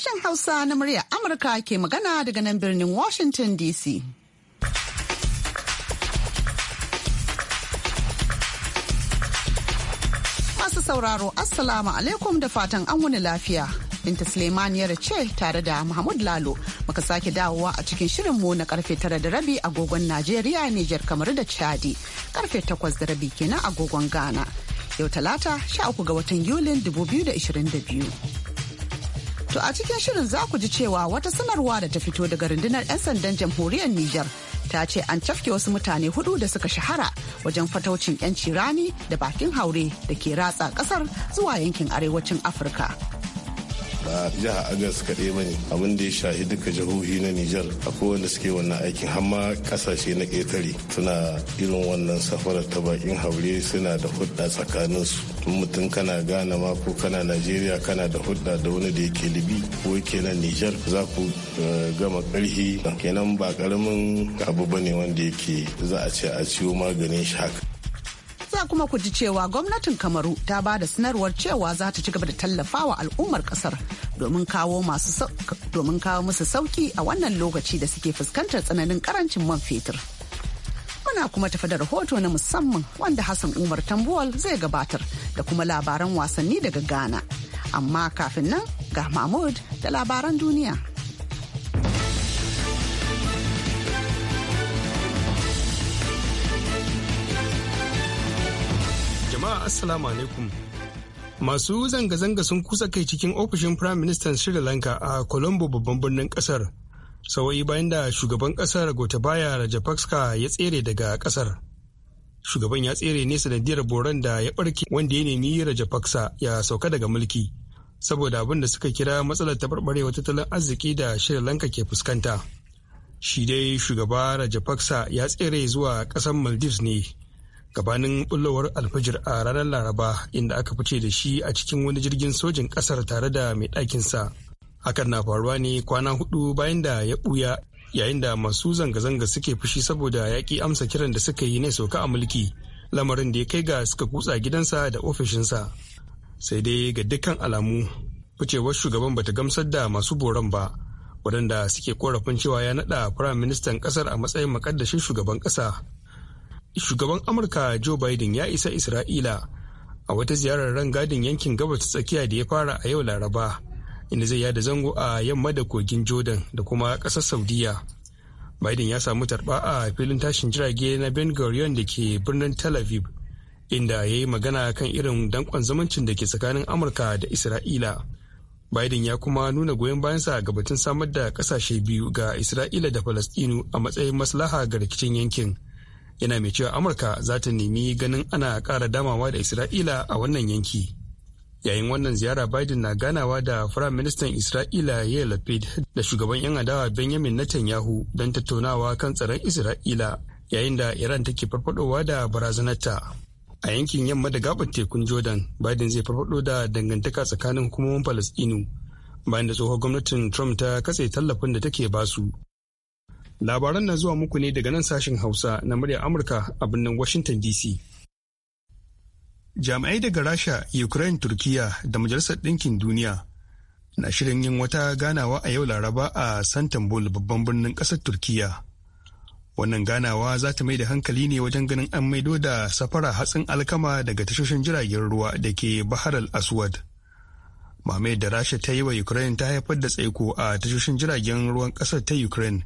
sashen Hausa na murya Amurka ke magana daga nan birnin Washington DC. Masu sauraro, Assalamu alaikum da fatan an wani lafiya. Binta Suleiman ya ce tare da Mahmud Lalo muka sake dawowa a cikin shirin mu na karfe tara da rabi agogon Najeriya, Nijar, kamar da Chadi, karfe takwas da rabi kenan agogon Ghana. Yau talata sha uku ga watan Yulin 2022. To a cikin shirin za ku ji cewa wata sanarwa da ta fito daga rundunar 'yan sandan jamhuriyar Nijar ta ce an tafke wasu mutane hudu da suka shahara wajen fataucin 'yanci rani da bakin haure da ke ratsa kasar zuwa yankin arewacin Afirka. ba jihar agas kaɗai ba ne abin da ya shahi duka jihohi na nijar akwai wanda suke wannan aikin har ƙasashe na ƙetare suna irin wannan safarar ta bakin haure suna da hudda tsakanin su tun mutum kana ghana ma ko kana najeriya kana da hudda da wani da yake libi ko yake nan nijar za ku eh, gama ƙarhi kenan ba ƙaramin abu ba ne wanda yake za a ce a ciwo maganin shaka. Za kuma ku ji cewa gwamnatin Kamaru ta ba da sanarwar cewa za ta ci gaba da tallafawa al'ummar kasar domin kawo musu sauki a wannan lokaci da suke fuskantar tsananin karancin man fetur. Muna kuma tafi da rahoto na musamman wanda Hassan Umar Tambuwal zai gabatar da kuma labaran wasanni daga Ghana. Amma kafin nan ga Mahmud da labaran duniya. jama'a assalamu alaikum masu zanga-zanga sun kusa kai cikin ofishin prime minister sri lanka a colombo babban birnin kasar Sawa'i bayan da shugaban kasar gotabaya rajapaksa ya tsere daga kasar shugaban ya tsere ne sanadiyar boran da ya barke wanda ya nemi rajapaksa ya sauka daga mulki saboda abin da suka kira matsalar taɓarɓarewa tattalin arziki da sri lanka ke fuskanta shi dai shugaba rajapaksa ya tsere zuwa ƙasar maldives ne gabanin bullowar alfajir a ranar laraba inda aka fice da shi a cikin wani jirgin sojin kasar tare da mai ɗakinsa hakan na faruwa ne kwana hudu bayan da ya buya yayin da masu zanga-zanga suke fushi saboda yaƙi amsa kiran da suka yi ne sauka a mulki lamarin da ya kai ga suka kutsa gidansa da ofishinsa sai dai ga dukkan alamu ficewar shugaban bata gamsar da masu boron ba waɗanda suke korafin cewa ya naɗa firayim ministan ƙasar a matsayin makaddashin shugaban ƙasa shugaban amurka joe biden ya isa isra'ila a wata ziyarar rangadin yankin gabas tsakiya da ya fara a yau laraba inda zai yada zango a yamma da kogin jordan da kuma ƙasar saudiya biden ya samu tarba a filin tashin jirage na ben gurion da ke birnin tel aviv inda ya yi magana kan irin dankon zamancin da ke tsakanin amurka da isra'ila biden ya kuma nuna goyon bayansa ga batun samar da kasashe biyu ga isra'ila da falastinu a matsayin maslaha ga rikicin yankin yana mai cewa amurka za ta nemi ganin ana ƙara damawa da isra'ila a wannan yanki yayin wannan ziyara biden na ganawa da firayim ministan isra'ila yair lapid da shugaban yan adawa benjamin netanyahu don tattaunawa kan tsaron isra'ila yayin da iran take farfadowa da barazanarta a yankin yamma da gabar tekun jordan biden zai farfado da dangantaka tsakanin hukumomin palestinu bayan da tsohon gwamnatin trump ta katse tallafin da take basu Labaran na zuwa muku ne daga nan sashen Hausa na muryar Amurka a birnin Washington DC. Jami'ai daga Rasha, Ukraine, Turkiya da Majalisar Ɗinkin Duniya na shirin yin wata ganawa a yau Laraba a Santambul babban birnin ƙasar Turkiya. Wannan ganawa za ta mai da hankali ne wajen ganin an maido da safara hatsin alkama daga tashoshin jiragen ruwa da ke Bahar al-Aswad. Mamayar da Rasha ta yi wa Ukraine ta haifar da tsaiko a tashoshin jiragen ruwan ƙasar ta Ukraine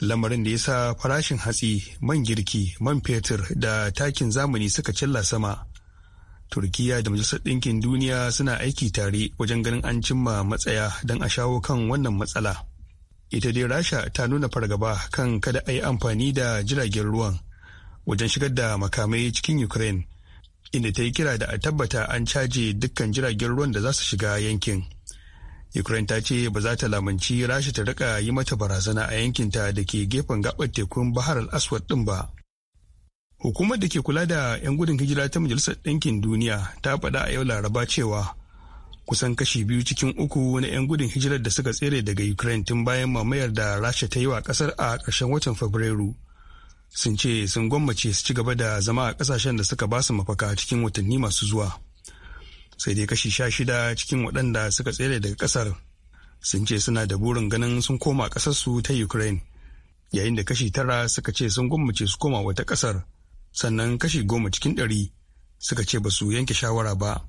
lamarin da ya sa farashin hatsi man girki man fetur da takin zamani suka cilla sama turkiya da majalisar ɗinkin duniya suna aiki tare wajen ganin an cimma matsaya don a shawo kan wannan matsala ita dai rasha ta nuna fargaba kan kada a yi amfani da jiragen ruwan wajen shigar da makamai cikin ukraine inda ta yi kira da a tabbata an caje dukkan jiragen ruwan da za su shiga yankin. ukraine ta ce ba za ta lamunci rasha ta rika yi mata barazana a yankinta da ke gefen gabar tekun bahar al-aswad din ba hukumar da ke kula da 'yan gudun hijira ta majalisar ɗinkin duniya ta faɗa a yau laraba cewa kusan kashi biyu cikin uku na 'yan gudun hijirar da suka tsere daga ukraine tun bayan mamayar da rasha ta yi wa ƙasar a ƙarshen watan fabrairu sun ce sun gwammace su ci gaba da zama a ƙasashen da suka ba su mafaka cikin watanni masu zuwa. sai dai kashi sha shida cikin waɗanda suka tsere daga ƙasar sun ce suna da burin ganin sun koma ƙasarsu ta ukraine yayin da kashi tara suka ce sun gwammace su koma wata ƙasar sannan kashi goma cikin ɗari suka ce ba su yanke shawara ba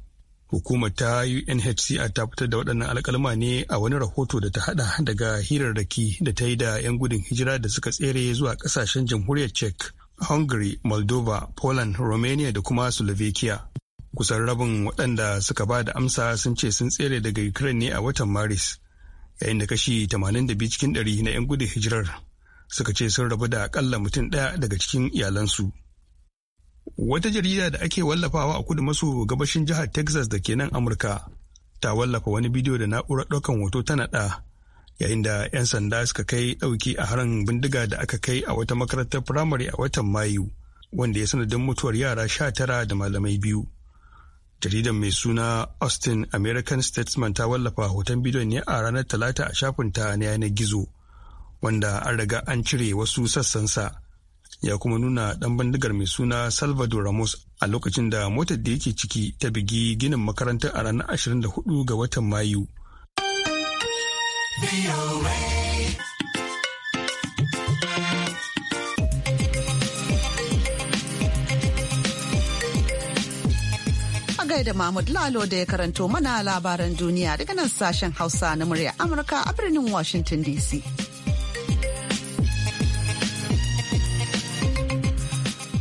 hukumar ta unhcr ta fitar da waɗannan alƙalma ne a wani rahoto da ta haɗa daga hirarraki da ta yi da 'yan gudun hijira da suka tsere zuwa ƙasashen jamhuriyar czech hungary moldova poland romania da kuma slovakia kusan rabin waɗanda suka ba da amsa sun ce sun tsere daga ukraine ne a watan maris yayin da kashi 82 cikin 100 na 'yan gudun hijirar suka ce sun rabu da akalla mutum ɗaya daga cikin iyalansu wata jarida da ake wallafawa a kudu maso gabashin jihar texas da ke nan amurka ta wallafa wani bidiyo da na'urar ɗaukan hoto ta naɗa yayin da 'yan sanda suka kai ɗauki a harin bindiga da aka kai a wata makarantar firamare a watan mayu wanda ya sanadin mutuwar yara sha tara da malamai biyu jaridar mai suna austin american statesman ta wallafa hoton bidiyon ne a ranar talata a shafin ta na yanar gizo wanda an riga an cire wasu sassansa ya kuma nuna dan bandigar mai suna salvador ramos a lokacin da motar da yake ciki ta bigi ginin makarantar a ranar 24 ga watan mayu. da Mahmud Lalo da ya karanto mana labaran duniya daga nan sashen Hausa na murya Amurka a birnin Washington DC.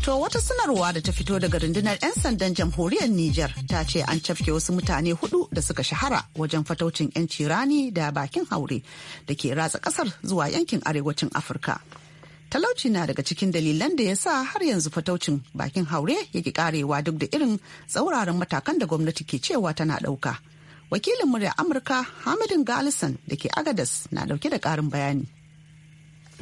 To wata sanarwa da ta fito daga rundunar 'yan sandan jamhuriyar Nijar ta ce an cafke wasu mutane hudu da suka shahara wajen fataucin 'yanci rani da bakin haure da ke ratsa kasar zuwa yankin arewacin Afirka. talauci na daga cikin dalilan da ya sa har yanzu fataucin bakin haure yake karewa duk da irin tsauraran matakan da gwamnati ke cewa tana ɗauka wakilin murya amurka hamidin galison da ke agadas na dauke da ƙarin bayani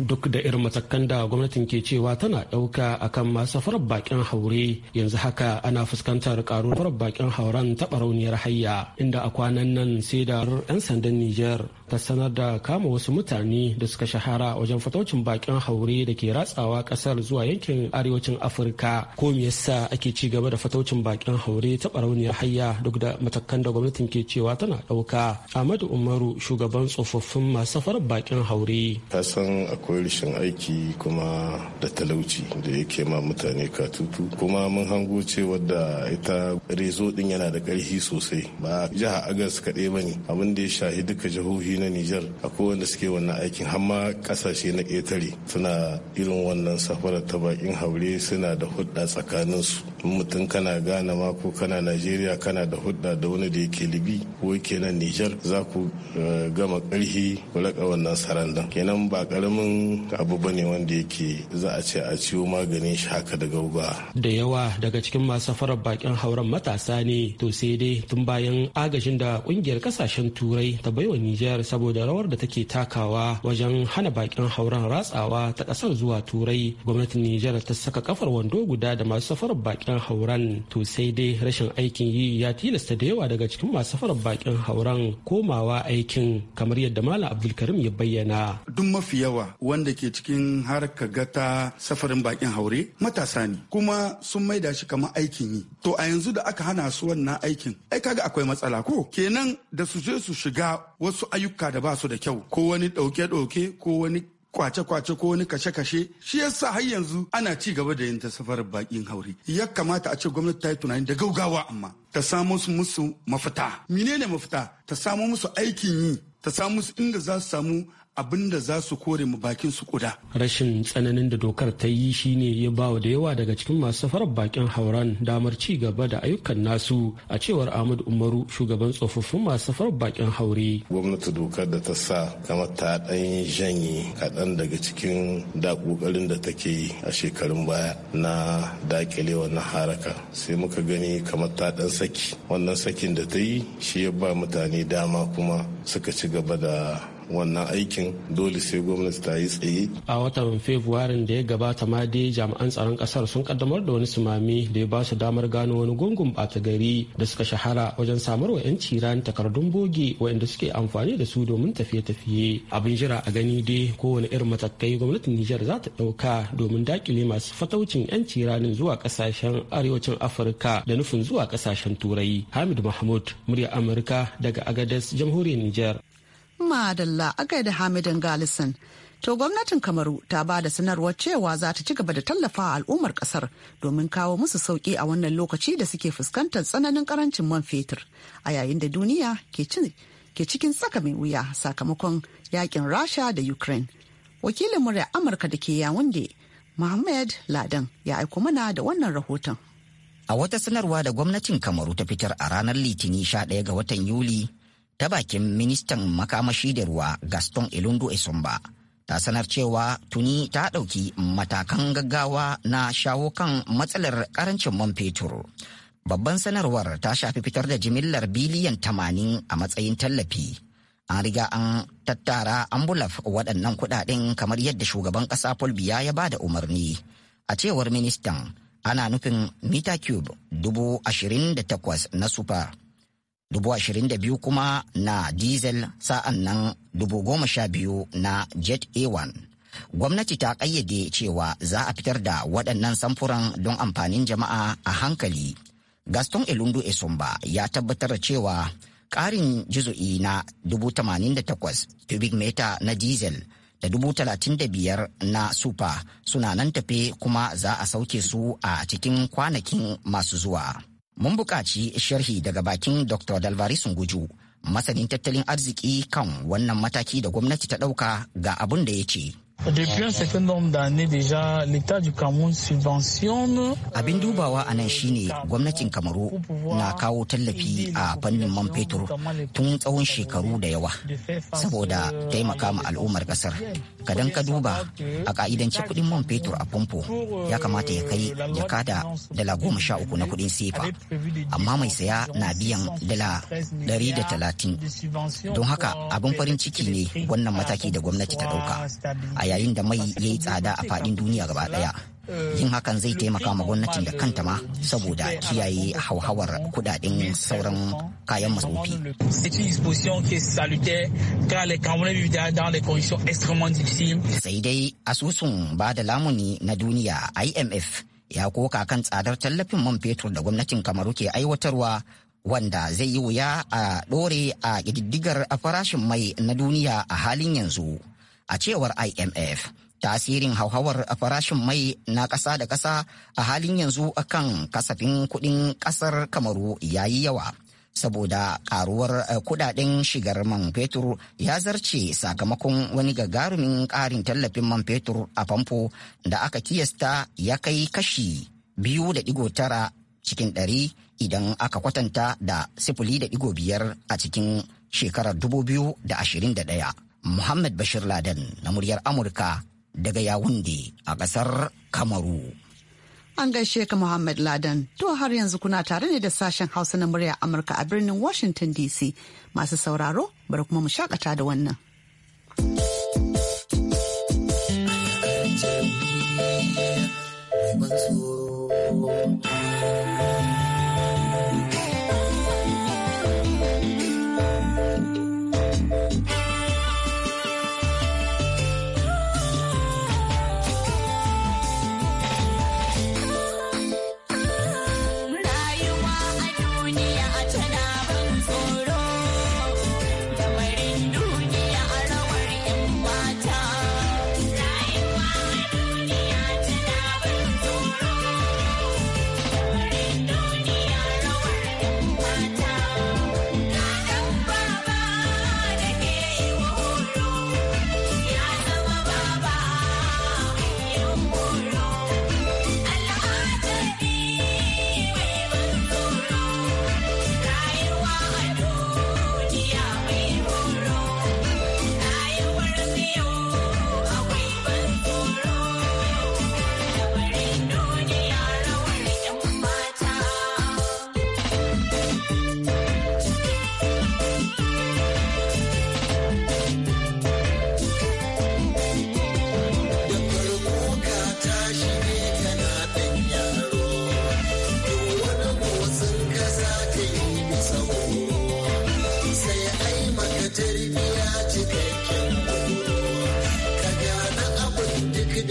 duk da irin matakan da gwamnatin ke cewa tana ɗauka akan masu farar bakin haure yanzu haka ana fuskantar karuwar farar bakin hauren taɓa rauniyar hayya inda a kwanan nan sai da 'yan sandan Nijar ta sanar da kama wasu mutane da suka shahara wajen fataucin bakin haure da ke ratsawa ƙasar zuwa yankin arewacin Afirka ko me yasa ake ci gaba da fataucin bakin haure taɓa rauniyar hayya duk da matakan da gwamnatin ke cewa tana ɗauka. Ahmadu Umaru shugaban tsofaffin masu farar bakin haure. akwai rashin aiki kuma da talauci da yake ma mutane katutu kuma mun hango cewa da ita rezo din yana da ƙarfi sosai ba jiha agas kaɗai ba ne abin da ya shahi duka jihohi na nijar akwai wanda suke wannan aikin har ma ƙasashe na ƙetare suna irin wannan safarar ta bakin haure suna da hudda tsakaninsu mutum kana gana ma ko kana najeriya kana da hudda da wani da yake libi ko yake nan nijar za ku eh, gama ƙarfi ku laƙa wannan sarandan kenan ba ƙaramin karamin abu bane wanda yake za a ce a ciwo maganin shi haka da gauba. da yawa daga cikin masu farar bakin hauren matasa ne to sai dai tun bayan agajin da kungiyar kasashen turai ta baiwa nijar saboda rawar da take takawa wajen hana bakin hauren ratsawa ta kasar zuwa turai gwamnatin nijar ta saka kafar wando guda da masu safarar bakin hauren to sai dai rashin aikin yi ya tilasta da yawa daga cikin masu safarar bakin hauren komawa aikin kamar yadda malam abdulkarim ya bayyana duk mafi yawa wanda ke cikin harka gata safarin bakin haure matasa ne kuma sun maida shi kamar aikin yi to a yanzu da aka hana su wannan aikin ai kaga akwai matsala ko kenan da su je su shiga wasu ayyuka da ba su da kyau ko wani ɗauke-ɗauke ko wani kwace-kwace ko wani kashe-kashe shi yasa har yanzu ana ci gaba da yin ta safarar bakin haure ya kamata a ce gwamnati ta yi tunani da gaugawa amma ta samo su musu mafita menene mafita ta samo musu aikin yi ta samu inda za su samu abin da za su kore mu bakin su kuda. Rashin tsananin da dokar ta yi shine ya bawa da yawa daga cikin masu safarar bakin hauran damar ci gaba da ayyukan nasu a cewar Ahmad Umaru shugaban tsofaffin masu safarar bakin haure. Gwamnati dokar da ta sa kama ta ɗan janye kaɗan daga cikin da ƙoƙarin da take yi a shekarun baya na daƙile wannan haraka sai muka gani kamar ta ɗan saki wannan sakin da ta yi shi ya ba mutane dama kuma suka ci gaba da wannan aikin dole sai gwamnati ta yi tsaye. A watan Fabrairun da ya gabata ma dai jami'an tsaron kasar sun kaddamar da wani sumami da ya ba su damar gano wani gungun bata gari da suka shahara wajen samar wa 'yanci ran takardun boge waɗanda suke amfani da su domin tafiye-tafiye. Abin jira a gani dai kowane irin matakai gwamnatin Nijar za ta ɗauka domin dakile masu fataucin 'yanci ranin zuwa ƙasashen arewacin Afirka da nufin zuwa ƙasashen Turai. Hamid Mahmud, murya Amurka daga Agadez, Jamhuriyar Nijar. Madalla agai da Hamidan Galison. To gwamnatin Kamaru ta ba da sanarwar cewa za ta ci gaba da tallafa al'ummar kasar domin kawo musu sauki a wannan lokaci da suke fuskantar tsananin karancin man fetur a yayin da duniya ke cikin tsaka mai wuya sakamakon yakin Rasha da Ukraine. Wakilin murya Amurka da ke Yawunde, Mohammed Ladan ya aiko mana da wannan rahoton. A wata sanarwa da gwamnatin Kamaru ta fitar a ranar Litinin 11 ga watan Yuli, ta bakin ministan makamashi da ruwa gaston elundo Esomba ta sanar cewa tuni ta ɗauki matakan gaggawa na shawo kan matsalar karancin man fetur babban sanarwar ta shafi fitar da jimillar biliyan tamanin a matsayin tallafi an riga an tattara ambulaf waɗannan kuɗaɗen kamar yadda shugaban ƙasa folbiya ya ba da umarni a cewar ministan ana nufin mita cube dubu ashirin da takwas na super dubu ashirin da biyu kuma na diesel sa'an nan dubu goma sha biyu na jet a1 gwamnati ta ƙayyade cewa za a fitar da waɗannan samfuran don amfanin jama'a a hankali gaston elundu esumba ya tabbatar cewa ƙarin jizo'i na 88,000 cubic meter na diesel da biyar na super suna nan tafe kuma za a sauke su a cikin kwanakin masu zuwa. mun buƙaci sharhi daga bakin dr dalvari guju masanin tattalin arziki kan wannan mataki da gwamnati ta ɗauka ga abin da ya ce Depuis un certain nombre d'années déjà, l'État du Cameroun subventionne. Abin euh, dubawa a nan shine gwamnatin Kamaru na kawo tallafi a fannin man fetur tun tsawon shekaru da yawa saboda euh, taimaka ma al'ummar kasar. Kadan ka duba a ka'idance kuɗin man fetur a famfo euh, ya kamata ya kai jaka da dala goma sha uku na kuɗin sefa. Amma mai saya na biyan dala dari da talatin. Don haka abin farin ciki ne wannan mataki da gwamnati ta dauka. yayin da mai ya yi tsada a faɗin duniya gaba ɗaya yin hakan zai taimaka ma gwamnatin da kanta ma saboda kiyaye hauhawar kudaden sauran kayan masarufi. sai dai asusun ba da lamuni na duniya imf ya koka kan tsadar tallafin man fetur da gwamnatin kamaru ke aiwatarwa wanda zai yi wuya a ɗore a ƙididdigar farashin mai na duniya a halin yanzu. a cewar imf tasirin hauhawar farashin mai na ƙasa da ƙasa a halin yanzu kan kasafin kuɗin ƙasar kamaru ya yi yawa saboda karuwar eh, kudaden shigar man fetur ya zarce sakamakon wani gagarumin ƙarin tallafin man fetur a famfo da aka kiyasta ya kai kashi biyu da digo tara cikin ɗari idan aka kwatanta da sifili da digo biyar a cikin shekarar dubu biyu da ashirin da ɗaya. Muhammad Bashir Laden na muryar Amurka daga Yawunde a ƙasar Kamaru. An gaishe ka Muhammad Laden, to har yanzu kuna tare ne da sashen Hausa na muryar Amurka a birnin Washington DC. Masu sauraro, bari kuma mu shakata da wannan. Thank you.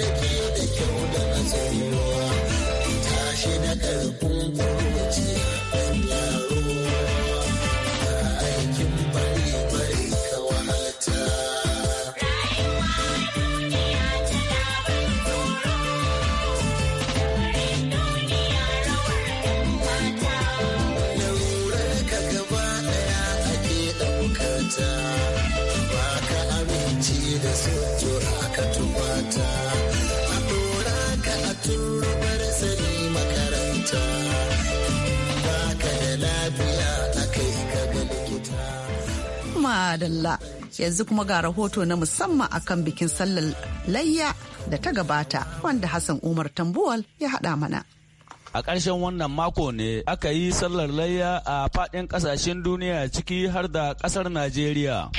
ciki da kyau da hatsari yanzu kuma ga rahoto na musamman akan bikin sallar layya da ta gabata wanda Hassan Umar Tambuwal ya hada mana. a ƙarshen wannan mako ne aka yi sallar layya a faɗin ƙasashen duniya ciki har da ƙasar najeriya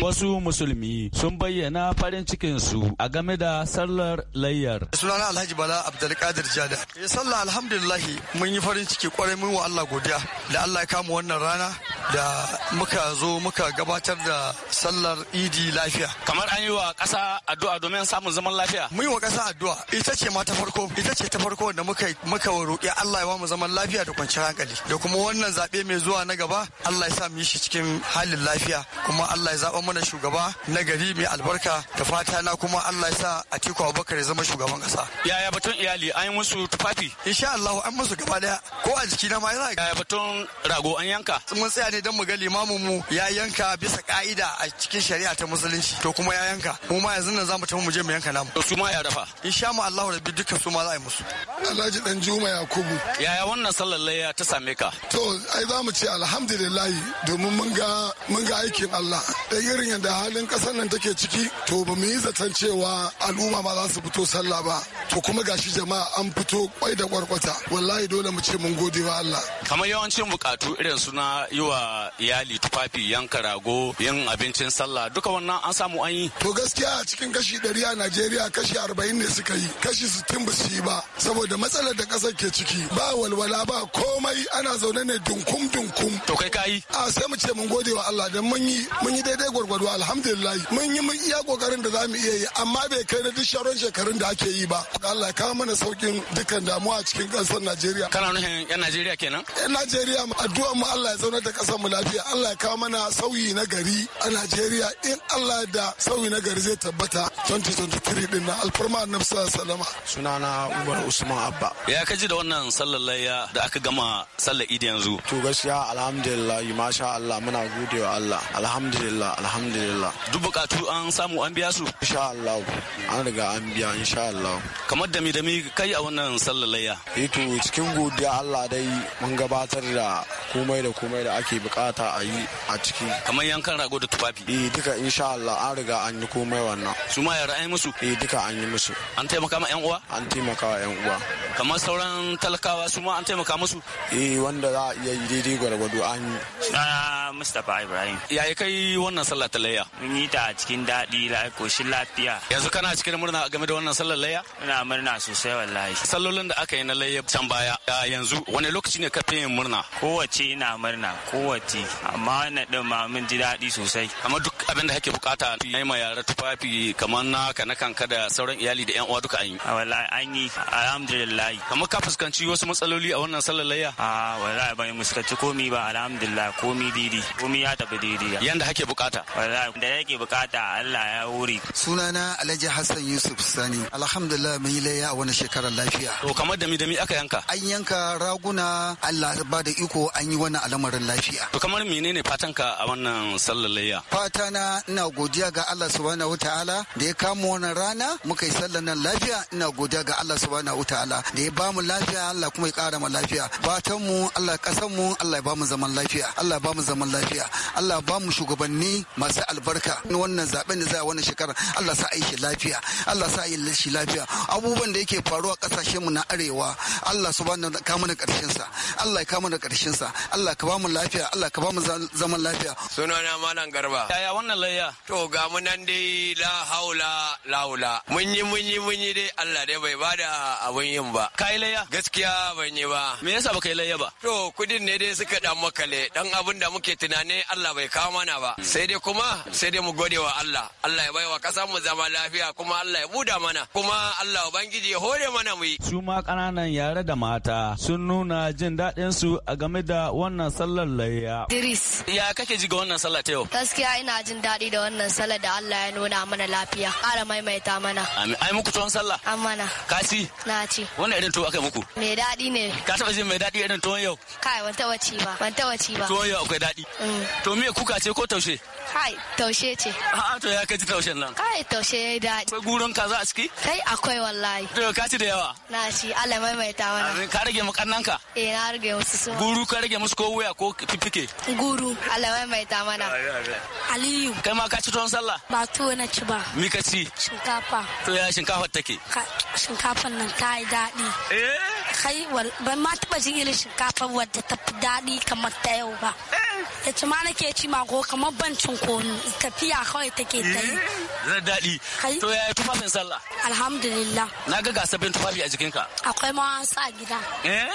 wasu musulmi sun bayyana farin su a game da sallar layyar. sunana alhaji bala abdulkadir jada ya eh, sallah alhamdulillah mun yi farin ciki kwarai mun wa allah godiya da allah ya kama wannan rana da muka zo muka gabatar da sallar idi lafiya kamar an yi wa ƙasa addu'a domin samun zaman lafiya mu yi wa ƙasa addu'a ita ce ma ta farko ita ce ta farko da muka muka roƙi Allah ya ba mu zaman lafiya da kwanciyar hankali da kuma wannan zaɓe mai zuwa na gaba Allah ya sa mu yi shi cikin halin lafiya kuma Allah ya zaɓa mana shugaba na gari mai albarka da fata na kuma Allah ya sa Atiku Abubakar ya zama shugaban ƙasa yaya batun iyali an yi musu tufafi insha Allah an musu gaba daya ko a jiki na ma yana yaya batun rago an yanka mun tsaya ne Idan mu ga limamin mu ya yanka bisa ka'ida a cikin shari'a ta musulunci to kuma ya yanka mu ma yanzu nan zamu tafi mu je mu yanka namu su ma ya dafa insha mu Allahu rabbi dukkan su ma za a yi musu Alhaji dan Juma Yakubu yaya wannan sallar laya ta same ka to ai zamu ce alhamdulillah domin mun ga mun ga aikin Allah da irin yadda halin kasar nan take ciki to ba mu yi zaton cewa al'umma ma za su fito sallah ba to kuma gashi jama'a an fito kwai da kwarkwata wallahi dole mu ce mun gode wa Allah kamar yawancin bukatu irin suna yi wa iyali tufafi yanka rago yin abincin sallah duka wannan an samu an yi to gaskiya a cikin kashi ɗari a najeriya kashi arba'in ne suka yi kashi sittin ba su yi ba saboda matsalar da ƙasar ke ciki ba walwala ba komai ana zaune ne dunkum dunkum to kai ka yi a sai mu ce mun gode wa Allah dan mun yi mun yi daidai gwargwado alhamdulillah mun yi mun iya kokarin da zamu iya yi amma bai kai na duk sharon shekarun da ake yi ba Allah ya kawo mana saukin dukkan damuwa a cikin ƙasar Najeriya kana nuhin yan Najeriya kenan yan Najeriya addu'a mu Allah ya zauna da ƙasar samu lafiya Allah ya kawo mana sauyi na gari a Najeriya in Allah da sauyi na gari zai tabbata 2023 din na alfarma annabi sallallahu alaihi sunana Umar Usman Abba ya kaji da wannan sallar layya da aka gama sallar Idi yanzu to gaskiya alhamdulillah masha Allah muna godewa Allah alhamdulillah alhamdulillah duk bukatu an samu an biya su insha Allah an riga an biya insha Allah kamar da mi kai a wannan sallar layya eh to cikin godiya Allah dai mun gabatar da komai da komai da ake bukata a yi a ciki kamar yankan rago da tufafi eh duka insha Allah an riga an yi komai wannan su ma yara an yi musu eh duka an yi musu an taimaka ma yan uwa an taimaka wa yan uwa kamar sauran talakawa su ma an taimaka musu eh wanda za a iya yi daidai gwargwado an yi sunana Mustapha Ibrahim Ya yi kai wannan sallah ta layya mun yi ta cikin daɗi koshin lafiya yanzu kana cikin murna game da wannan sallar layya ina murna sosai wallahi sallolin da aka yi na layya can baya yanzu wani lokaci ne ka fi yin murna kowace ina murna kowace kowace amma na ɗin ma mun ji daɗi sosai amma duk abin da kake bukata na yi ma yara tufafi kamar na kana kanka da sauran iyali da yan uwa duka an yi wallahi an yi alhamdulillah kamar ka fuskanci wasu matsaloli a wannan sallar layya a wallahi ban fuskanci komi ba alhamdulillah komi didi komi ya tafi didi yanda kake bukata wallahi da yake bukata Allah ya wuri sunana Alhaji Hassan Yusuf Sani alhamdulillah mun yi layya a wannan shekarar lafiya to kamar da mi da mi aka yanka an yanka raguna Allah ba da iko an yi wannan al'amarin lafiya godiya. To kamar menene fatan ka a wannan sallar layya? Fata na ina godiya ga Allah subhanahu wataala da ya kama wannan rana muka yi sallar nan lafiya ina godiya ga Allah subhanahu wataala da ya bamu lafiya Allah kuma ya kara mu lafiya. Fatan mu Allah kasan mu Allah ya bamu zaman lafiya Allah ya bamu zaman lafiya Allah ya bamu shugabanni masu albarka wannan zaben da za a wannan shekarar Allah sa yi lafiya Allah sa yi shi lafiya abubuwan da yake faruwa kasashen mu na arewa Allah subhanahu wataala kama na karshen sa Allah ya kama na karshen sa Allah ka bamu lafiya Allah ka ba mu zaman lafiya sunana malam garba yaya wannan layya to ga mu nan dai la haula laula mun yi mun yi mun yi dai Allah dai bai bada abun yin ba kai layya gaskiya ban yi ba me yasa baka yi layya ba to kudin ne dai suka dan makale dan abin da muke tunani Allah bai kawo mana ba sai dai kuma sai dai mu gode wa Allah Allah ya baiwa kasa mu zama lafiya kuma Allah ya buda mana kuma Allah ubangiji ya hore mana mu yi su ma kananan yare da mata sun nuna jin daɗinsu a game da wannan sallar layya Yahaya. Idris. Ya kake ji ga wannan sallah ta yau? Gaskiya ina jin daɗi da wannan sallah da Allah ya nuna mana lafiya. Ƙara maimaita mana. Amin. Ai muku tuwon sallah? An mana. Kasi? Na ci. Wannan irin tuwo aka muku? Mai daɗi ne. Ka taɓa jin mai daɗi irin tuwon yau? Kai ban taɓa ci ba. Ban taɓa ci ba. Tuwon yau akwai daɗi. Mm. To me kuka ce ko taushe? Kai taushe ce. A'a to ya kaji taushen nan. Kai taushe ya yi daɗi. Akwai gurin kaza a ciki? Kai akwai wallahi. To ka ci da yawa? Na ci. Allah maimaita mana. Ka rage mu ka? Eh na rage musu su. Guru ka rage musu ko wuya ko kuke? Guru, Allah mai mai Aliyu. Kai ma ka ci tuwon sallah? Ba tuwo na ci ba. Mi ka ci? Shinkafa. To ya shinkafa take? Shinkafan nan ta yi daɗi. Eh? Kai ban ma taɓa jin irin shinkafa wadda ta fi daɗi kamar ta yau ba. Eh? Ya ci ma nake ci ma ko kamar ban cin konu tafiya kawai take ta yi. Eh? Zan daɗi. To ya yi tufafin sallah? Alhamdulillah. Na ga gasabin tufafi a jikinka? Akwai ma sa gida. Eh?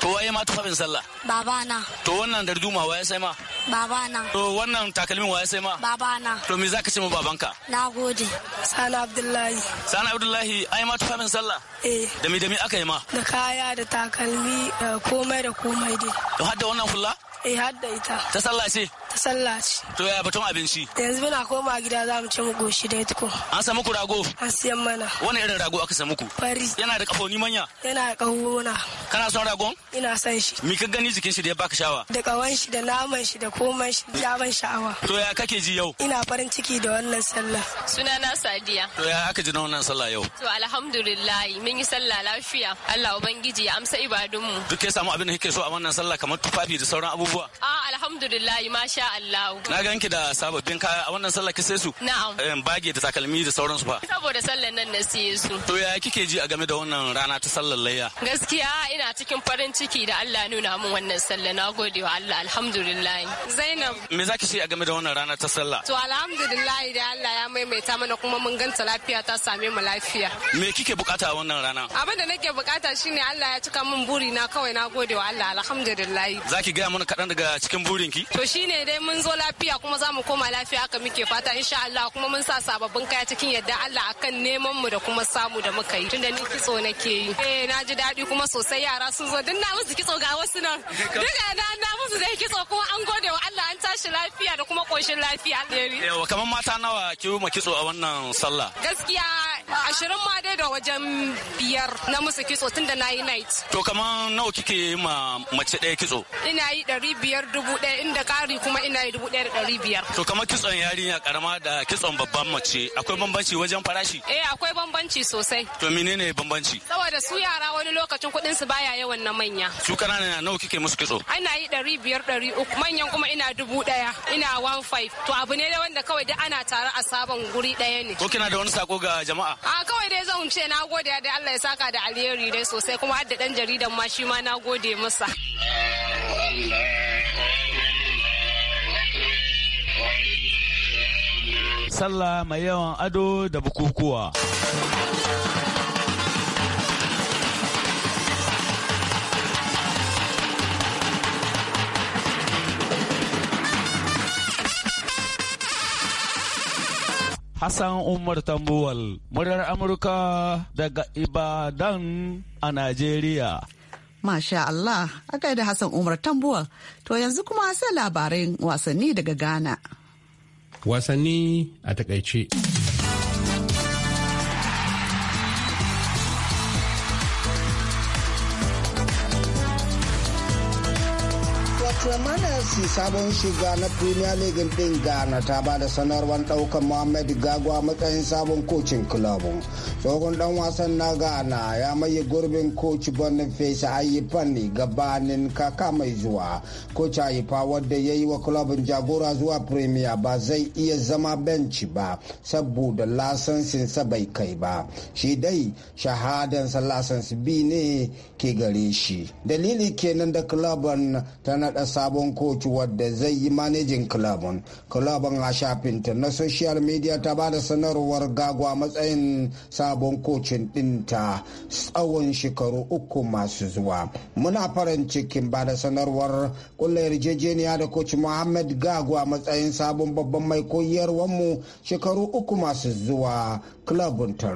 To waye ma tufafin sallah? Baba na. To wannan darduma waye sai ma? Baba na. To wannan takalmin waye sai ma? Baba na. To me zaka ce ma babanka? Na gode. Sani Abdullahi. Sani Abdullahi ai ma tufafin sallah? Eh. Da me da me aka yi ma? Da kaya da takalmi da komai da komai dai. To hadda wannan fulla? Eh har da ita. Ta sallah ce? Ta sallah ce. To ya batun abinci? Yanzu muna koma gida za mu ci mu goshi da ita ko. An samu ku rago? An siyan mana. Wani irin rago aka samu ku? Fari. Yana da kafoni manya? Yana da kahuna. Kana son ragon? Ina son shi. Me ka gani jikin shi da ya baka shawa? Da kawan shi da naman shi da komai shi ya ban sha'awa. To ya kake ji yau? Ina farin ciki da wannan sallah. Sunana Sadiya. To ya aka ji na wannan sallah yau? To alhamdulillah mun yi sallah lafiya. Allah ubangiji ya amsa ibadunmu. Duk ya samu abin da kike so a wannan sallah kamar tufafi da sauran abubuwa. abubuwa? Ah, alhamdulillah masha Allah. Na ganki da sababbin kaya a wannan sallar ki sai su? Na'am. Eh, bage da takalmi da sauransu fa. Saboda sallar nan na siye su. To ya kike ji a game da wannan rana ta sallar layya? Gaskiya ina cikin farin ciki da Allah nuna min wannan sallar. Na gode wa Allah alhamdulillah. Zainab. Me zaki ce a game da wannan rana ta sallah? To alhamdulillah da Allah ya maimaita mana kuma mun ganta lafiya ta same mu lafiya. Me kike bukata a wannan rana? Abin da nake bukata shine Allah ya cika min buri na kawai na gode wa Allah alhamdulillah. Zaki gaya mana kaɗan daga cikin burinki? To shine dai mun zo lafiya kuma za mu koma lafiya haka muke fata insha Allah kuma mun sa sababbin kaya cikin yadda Allah akan neman mu da kuma samu da muka yi tunda ni kitso nake yi. Eh na ji daɗi kuma sosai yara sun zo dinna musu kitso ga wasu nan. Duka na na musu zai kitso kuma an gode wa Allah an tashi lafiya da kuma koshin lafiya. Yawa kamar mata nawa ki ma kitso a wannan sallah? Gaskiya ashirin ma dai da wajen biyar na musu kitso tun da na yi night. To kamar nawa kike ma mace ɗaya kitso? Ina yi ɗari biyar dubu ɗaya inda ƙari kuma ina yi dubu ɗaya da ɗari biyar. To kamar kitson yarinya ƙarama da kitson babban mace akwai bambanci wajen farashi? Eh akwai bambanci sosai. To menene bambanci? Saboda su yara wani lokacin kuɗin su baya yawan na manya. Su ƙanana nawa kike musu kitso? Ana yi ɗari biyar ɗari uku manyan kuma ina dubu ɗaya ina one five. To abu ne wanda kawai duk ana tare a sabon guri ɗaya ne. Ko kina da wani sako ga jama'a? A kawai dai zan ce na gode da Allah ya saka da alheri dai sosai kuma har da dan jaridan ma shi ma na gode masa. Sallah mai yawan ado da bukukuwa. Hassan Umar Tambuwal, murar Amurka daga Ibadan a Najeriya. Masha Allah, yi da Hassan Umar Tambuwal, to yanzu kuma sai labarin wasanni daga Ghana. Wasanni a takaice. Chelsea sabon shiga na Premier League din Ghana ta ba da sanarwar daukan Mohamed Gagwa matsayin sabon kocin kulabun. Tsohon dan wasan na Ghana ya maye gurbin koci Boniface Ayyufani gabanin kaka mai zuwa. Koci Ayyufa wadda ya yi wa kulabun jagora zuwa Premier ba zai iya zama benci ba saboda lasansinsa bai kai ba. Shi dai shahadansa lasansi bi ne ke gare shi. Dalili kenan da kulabun ta naɗa sabon koci wadda zai yi manajin kulabun kulabun a shafinta na social media ta bada da sanarwar gagwa matsayin sabon kocin dinta tsawon shekaru uku masu zuwa muna farin cikin ba da sanarwar kula yarjejeniya da kocin muhammad gagwa matsayin sabon babban mai koyarwar mu shekaru uku masu zuwa club ta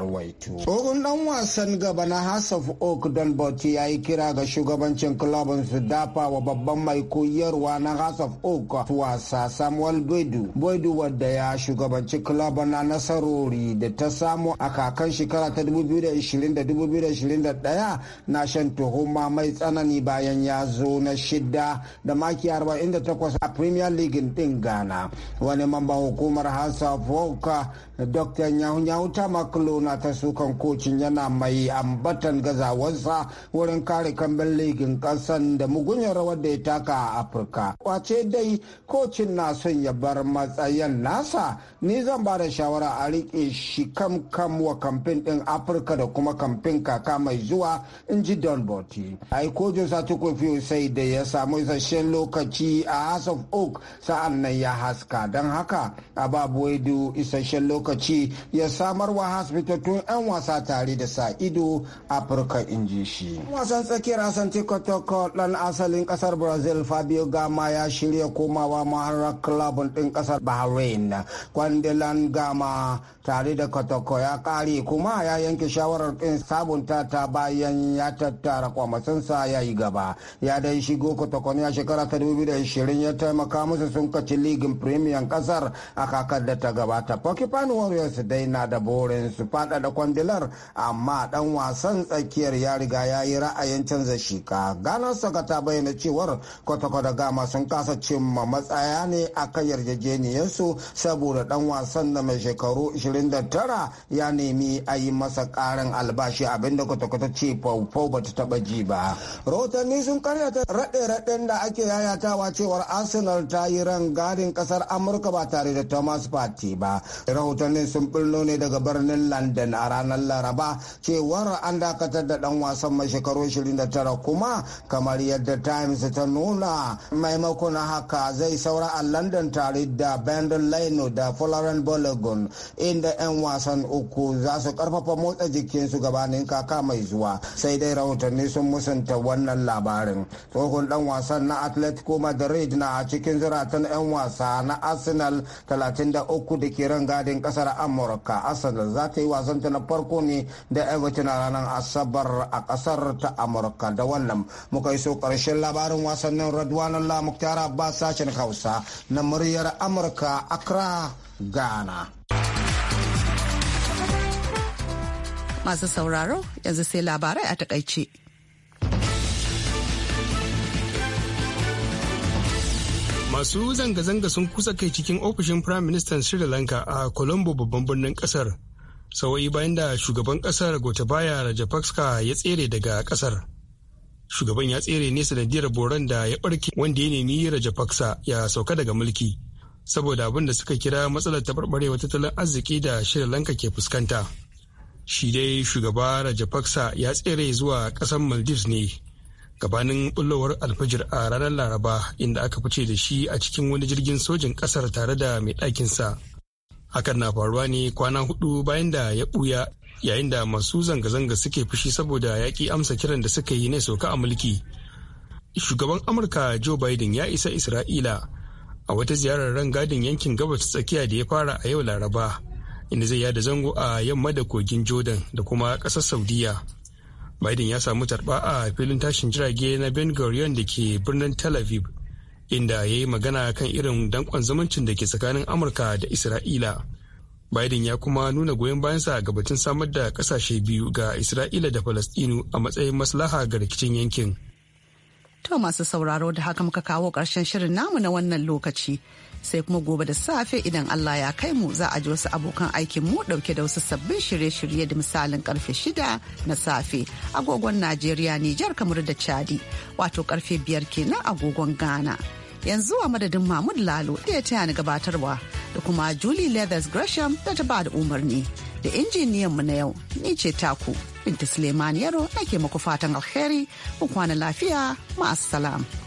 Tsohon dan wasan gaba na House of Oak Don Bauchi ya yi kira ga shugabancin club su dafa wa babban mai koyarwa na House of Oak wasa Samuel Boydu. Boydu wadda ya shugabanci club na nasarori da ta samu a kakan shekara ta 2020 2021 na shan tuhuma mai tsanani bayan ya zo na shida da maki 48 a Premier League din Ghana. Wani mamban hukumar House Oak dr nyahu-nyahu ta makulo na ta sukan kocin yana mai ambatan gazawarsa wurin kare kambin ligin kasan da mugunyar rawar da ya taka a afirka kwace dai kocin na son ya bar matsayin nasa ni zan ba da shawara a riƙe shi kam kam wa kamfin ɗin afirka da kuma kamfin kaka mai zuwa in ji don boti ai kojo sati sai da ya samu isasshen lokaci a house of oak sa'an nan ya haska don haka a ababu isasshen lokaci lokaci ya samar wa hasbitattun 'yan wasa tare da sa ido afirka in ji shi wasan tsakiyar asan tikotoko dan asalin kasar brazil fabio gama ya shirya komawa maharar club din kasar bahrain kwandilan gama tare da kotoko ya kare kuma ya yanke shawarar din sabunta ta bayan ya tattara kwamasinsa ya yi gaba ya dai shigo kotoko ne a shekara ta 2020 ya taimaka musu sun kaci ligin premier kasar a kakar da ta gabata pokipano warriors dai na da borin su fada da kwandilar amma dan wasan tsakiyar ya riga ya yi ra'ayin canza shika ganar saka ta bayyana cewar kwata-kwata gama sun kasa cimma matsaya ne a kan yarjejeniyarsu saboda dan wasan da mai shekaru 29 ya nemi a yi masa karin albashi abinda kwata-kwata ce faufau ba ta taɓa ji ba rahotanni sun karyata raɗe-raɗen da ake yayatawa cewar arsenal ta yi rangadin ƙasar amurka ba tare da thomas party ba rahoton rahotannin sun birno ne daga birnin london a ranar laraba cewar an dakatar da dan wasan mai shekaru 29 kuma kamar yadda times ta nuna maimakon haka zai saura a london tare da bandon leno da florent bologun inda 'yan wasan uku za su karfafa motsa jikin jikinsu gabanin kaka mai zuwa sai dai rahotanni sun musanta wannan labarin tsohon dan wasan na atletico madrid na cikin ziratan 'yan wasa na arsenal 33 da ke ran gadin kasar amurka arsenal za ta yi wasanta na farko ne da everton a ranar asabar a kasar ta amurka da wannan muka yi so karshen labarin wasannin radwan allah muktar abbas sashen hausa na muryar amurka accra ghana masu sauraro yanzu sai labarai a takaice masu zanga-zanga sun kusa kai cikin ofishin prime minister sri lanka a colombo babban birnin kasar sauyi bayan da shugaban kasar gotabaya rajapaksa ya tsere daga kasar shugaban ya tsere ne sanadiyar boran da ya barke wanda ya nemi rajapaksa ya sauka daga mulki saboda abin da suka kira matsalar taɓarɓarewa tattalin arziki da sri lanka ke fuskanta shi dai shugaba rajapaksa ya tsere zuwa ƙasar maldives ne gabanin bullowar alfajir a ranar laraba inda aka fice da shi a cikin wani jirgin sojin kasar tare da mai ɗakinsa hakan na faruwa ne kwana hudu bayan da ya buya yayin da masu zanga-zanga suke fushi saboda yaƙi amsa kiran da suka yi na soka a mulki shugaban amurka joe biden ya isa isra'ila a wata ziyarar rangadin yankin gabas tsakiya da ya fara a yau laraba inda zai yada zango a yamma da kogin jordan da kuma ƙasar saudiya biden ya samu tarba a filin tashin jirage na ben gurion da ke birnin tel aviv inda ya yi magana kan irin dankon zumuncin da ke tsakanin amurka da isra'ila biden ya kuma nuna goyon bayansa ga batun samar da kasashe biyu ga isra'ila da falastinu a matsayin maslaha ga rikicin yankin To masu sauraro da haka muka kawo ƙarshen shirin namu na wannan lokaci. Sai kuma gobe da safe idan Allah ya kai mu za a ji wasu abokan aikin mu dauke da wasu sabbin shirye-shirye da misalin karfe shida na safe agogon Najeriya Nijar kamar da Chadi wato karfe biyar kenan agogon Ghana. Yanzu a madadin Mahmud Lalo da ya taya ni gabatarwa da kuma Julie Leathers Gresham da ta ba da umarni da injiniyan mu na yau ni ce taku Binta Suleiman Yaro ake muku fatan alheri, kwana lafiya, ma'assalam.